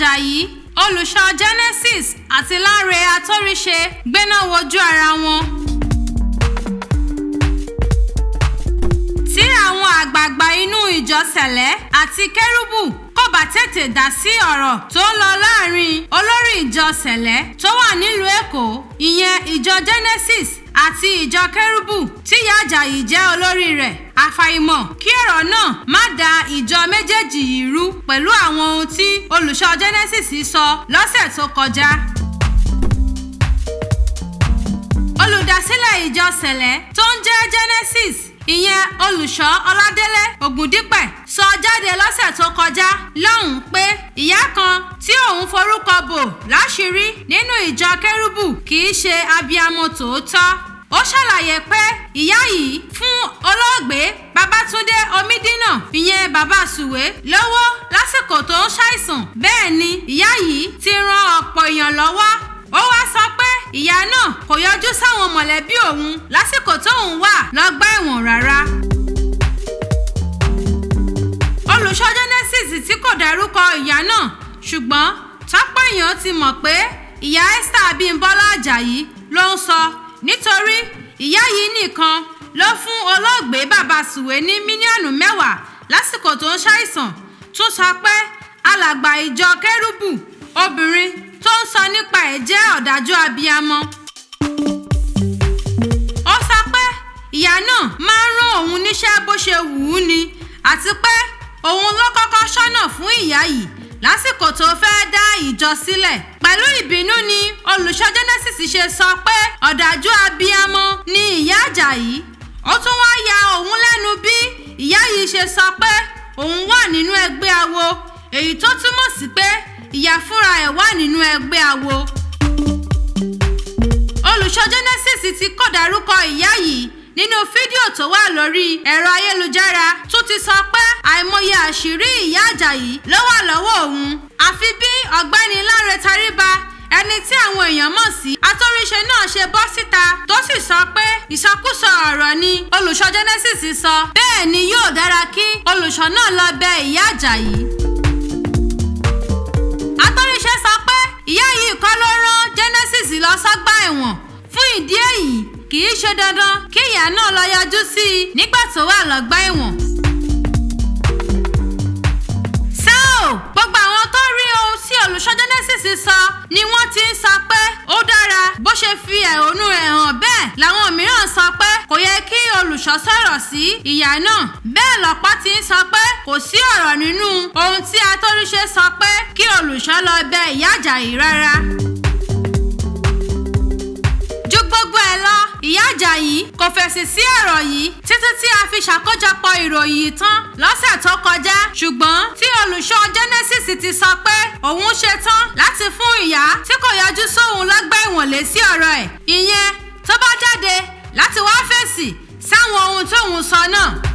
ajayi olùṣọ́ genesis àti láre atóríṣe gbéná wojú ara wọn. tí àwọn àgbààgbà inú ìjọ sẹ̀lẹ̀ àti kérúbù kò bá tètè dá sí ọ̀rọ̀ tó ń lọ láàrin olórí ìjọ sẹ̀lẹ̀ tó wà nílùú èkó ìyẹn ìjọ genesis àti ìjọ kérúbù tíyà àjàyí jẹ́ olórí rẹ̀ àfàìmọ̀ kí ọ̀rọ̀ náà má da ìjọ méjèèjì yìí rú pẹ̀lú àwọn ohun tí olùṣọ́ genesis sọ lọ́sẹ̀ tó kọjá. olùdásílẹ̀ ìjọ sẹ̀lẹ̀ tó ń jẹ́ genesis ìyẹn olùṣọ́ ọládélé ògùndípẹ̀ sọ jáde lọ́sẹ̀ tó kọjá lọ́hùn-ún pé ìyá kan tí òun forúkọ bò láṣìírí nínú ìjọ kérúbù kì í ṣe abiyamọ tòótọ́ ó ṣàlàyé pé ìyá yìí fún olóògbé babatunde omidina ìyẹn bàbá sùwé lówó lásìkò tó ń ṣàìsàn bẹ́ẹ̀ ni ìyá yìí ti ran ọ̀pọ̀ èèyàn lọ́wọ́ ó wá sọ pé ìyá náà kò yọjú sáwọn mọ̀lẹ́bí òun lásìkò tóun wà lọ́gbà ẹ̀wọ̀n rárá olùṣọ́ genesis tí kò dárúkọ ìyá náà ṣùgbọ́n tọ́pọ̀ èèyàn ti mọ̀ pé ìyá esther abímbọ́lá ajayi ló ń sọ nítorí ìyá yìí nìkan ló fún olóògbé bàbá sùwé ní mílíọ̀nù mẹ́wàá lásìkò tó ń ṣàìsàn tún sọ pé alàgbà ìjọ kérúbù obìnrin tó ń sọ nípa ẹ̀ jẹ́ ọ̀dájú abiyamọ. ó sọ pé ìyá náà máa ń rán òun níṣẹ́ bó ṣe wù ú ni àti pé òun ló kọ́kọ́ ṣọ́nà fún ìyá yìí lásìkò tó fẹ́ dá ìjọ sílẹ̀ pẹ̀lú ìbínú ni olùṣọ́ genesis ṣe sọ pé ọ̀dájú abiyamọ ni ìyá ajayi ó tún wá ya òun lẹ́nu bí ìyá yìí ṣe sọ pé òun wà nínú ẹgbẹ́ awo èyí tó túmọ̀ sí pé ìyá fúnra ẹ̀ wà nínú ẹgbẹ́ awo olùṣọ́ genesis ti kò dárúkọ ìyá yìí nínú fídíò tó wà lórí ẹ̀rọ ayélujára tó ti sọ pé àìmọye àṣírí ìyá àjàyí ló wà lọ́wọ́ òun àfi bí ọ̀gbẹ́ni lánrẹ taríba ẹni tí àwọn èèyàn mọ̀ sí atóríṣe náà ṣe bọ́ síta tó sì sọ pé ìsọkúsọ ọ̀rọ̀ ni olùṣọ́ Genesis sọ bẹ́ẹ̀ ni yóò dára kí olùṣọ́ náà lọ bẹ ìyá Àjàyí. atóríṣe sọ pé ìyá yìí kọ́ ló rán Genesis lọ sọ́gbà ẹ̀wọ̀n fún ìdí èyí kì í ṣe dandan kí ìyá náà lọ yọjú sí i nígbà tó wà lọ́gbà ẹ̀wọ̀n. ṣé o gbogbo àwọn tó rí ohun tí olùṣọ́ Genesis sọ ni wọ́n bó ṣe fi ẹ̀hónú rẹ̀ hàn bẹ́ẹ̀ làwọn mìíràn sọ pé kò yẹ kí olùṣọ́ sọ̀rọ̀ sí ìyá náà bẹ́ẹ̀ lọ́pọ̀ ti ń sọ pé kò sí ọ̀rọ̀ nínú ohun tí atóríṣe sọ pé kí olùṣọ́ lọ bẹ ìyá Àjàyí rárá. ju gbogbo ẹ lọ ìyá Àjàyí kò fèsì sí ọ̀rọ̀ yìí títí tí a fi ṣàkójọpọ̀ ìròyìn tán lọ́sẹ̀ tó kọjá ṣùgbọ́n tí olùṣọ́ Genesis ti sọ pé òun ṣetán láti fún ìyá tí kò yọjú sóhun wọ̀lé sí ọ̀rọ̀ ẹ̀ ìyẹn tó bá jáde láti wá fèsì sáwọn ohun tóun sọ náà.